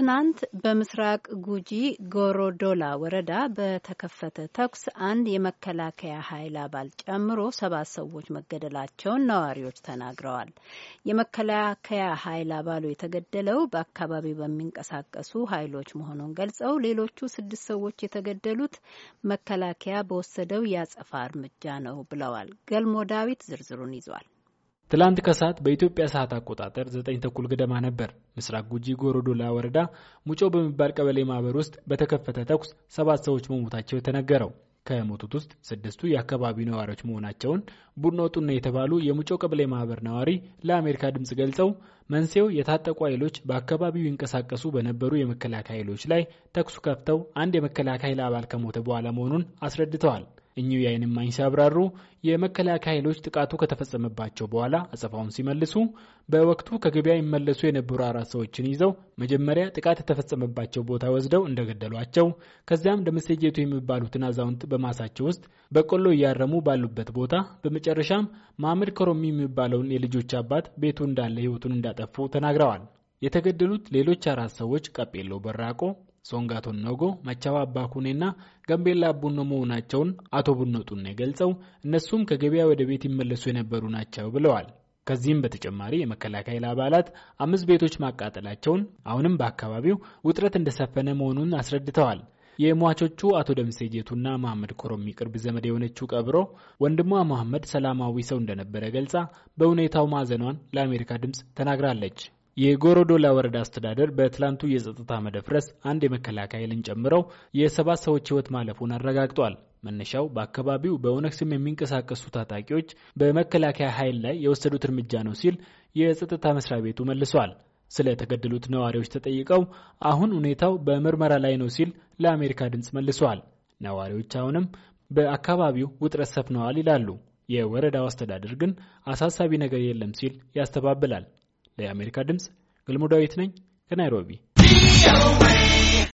ትናንት በምስራቅ ጉጂ ጎሮዶላ ወረዳ በተከፈተ ተኩስ አንድ የመከላከያ ኃይል አባል ጨምሮ ሰባት ሰዎች መገደላቸውን ነዋሪዎች ተናግረዋል። የመከላከያ ኃይል አባሉ የተገደለው በአካባቢው በሚንቀሳቀሱ ኃይሎች መሆኑን ገልጸው ሌሎቹ ስድስት ሰዎች የተገደሉት መከላከያ በወሰደው የአጸፋ እርምጃ ነው ብለዋል። ገልሞ ዳዊት ዝርዝሩን ይዟል። ትላንት ከሰዓት በኢትዮጵያ ሰዓት አቆጣጠር ዘጠኝ ተኩል ገደማ ነበር ምስራቅ ጉጂ ጎረዶላ ወረዳ ሙጮ በሚባል ቀበሌ ማህበር ውስጥ በተከፈተ ተኩስ ሰባት ሰዎች መሞታቸው የተነገረው። ከሞቱት ውስጥ ስድስቱ የአካባቢው ነዋሪዎች መሆናቸውን ቡድኖ ጡና የተባሉ የሙጮ ቀበሌ ማህበር ነዋሪ ለአሜሪካ ድምፅ ገልጸው መንስኤው የታጠቁ ኃይሎች በአካባቢው ይንቀሳቀሱ በነበሩ የመከላከያ ኃይሎች ላይ ተኩሱ ከፍተው አንድ የመከላከያ ኃይል አባል ከሞተ በኋላ መሆኑን አስረድተዋል። እኚሁ የአይን እማኝ ሲያብራሩ የመከላከያ ኃይሎች ጥቃቱ ከተፈጸመባቸው በኋላ አጸፋውን ሲመልሱ በወቅቱ ከገበያ ይመለሱ የነበሩ አራት ሰዎችን ይዘው መጀመሪያ ጥቃት የተፈጸመባቸው ቦታ ወስደው እንደገደሏቸው፣ ከዚያም ደመሴጀቱ የሚባሉትን አዛውንት በማሳቸው ውስጥ በቆሎ እያረሙ ባሉበት ቦታ፣ በመጨረሻም ማምድ ከሮሚ የሚባለውን የልጆች አባት ቤቱ እንዳለ ህይወቱን እንዳጠፉ ተናግረዋል። የተገደሉት ሌሎች አራት ሰዎች ቀጴሎ በራቆ ሶንጋቶን ኖጎ መቻባ አባኩኔና ጋምቤላ አቡኖ መሆናቸውን አቶ ቡኖ ጡኔ ገልጸው እነሱም ከገበያ ወደ ቤት ይመለሱ የነበሩ ናቸው ብለዋል። ከዚህም በተጨማሪ የመከላከያ አባላት አምስት ቤቶች ማቃጠላቸውን አሁንም በአካባቢው ውጥረት እንደሰፈነ መሆኑን አስረድተዋል። የሟቾቹ አቶ ደምሴ ጄቱና መሐመድ ኮሮሚ ቅርብ ዘመድ የሆነችው ቀብሮ ወንድሟ መሐመድ ሰላማዊ ሰው እንደነበረ ገልጻ በሁኔታው ማዘኗን ለአሜሪካ ድምፅ ተናግራለች። የጎሮዶላ ወረዳ አስተዳደር በትላንቱ የጸጥታ መደፍረስ አንድ የመከላከያ ኃይልን ጨምረው የሰባት ሰዎች ሕይወት ማለፉን አረጋግጧል። መነሻው በአካባቢው በኦነግ ስም የሚንቀሳቀሱ ታጣቂዎች በመከላከያ ኃይል ላይ የወሰዱት እርምጃ ነው ሲል የጸጥታ መስሪያ ቤቱ መልሷል። ስለ ተገደሉት ነዋሪዎች ተጠይቀው አሁን ሁኔታው በምርመራ ላይ ነው ሲል ለአሜሪካ ድምፅ መልሷል። ነዋሪዎች አሁንም በአካባቢው ውጥረት ሰፍነዋል ይላሉ። የወረዳው አስተዳደር ግን አሳሳቢ ነገር የለም ሲል ያስተባብላል። ለአሜሪካ ድምፅ ገልሞ ዳዊት ነኝ ከናይሮቢ።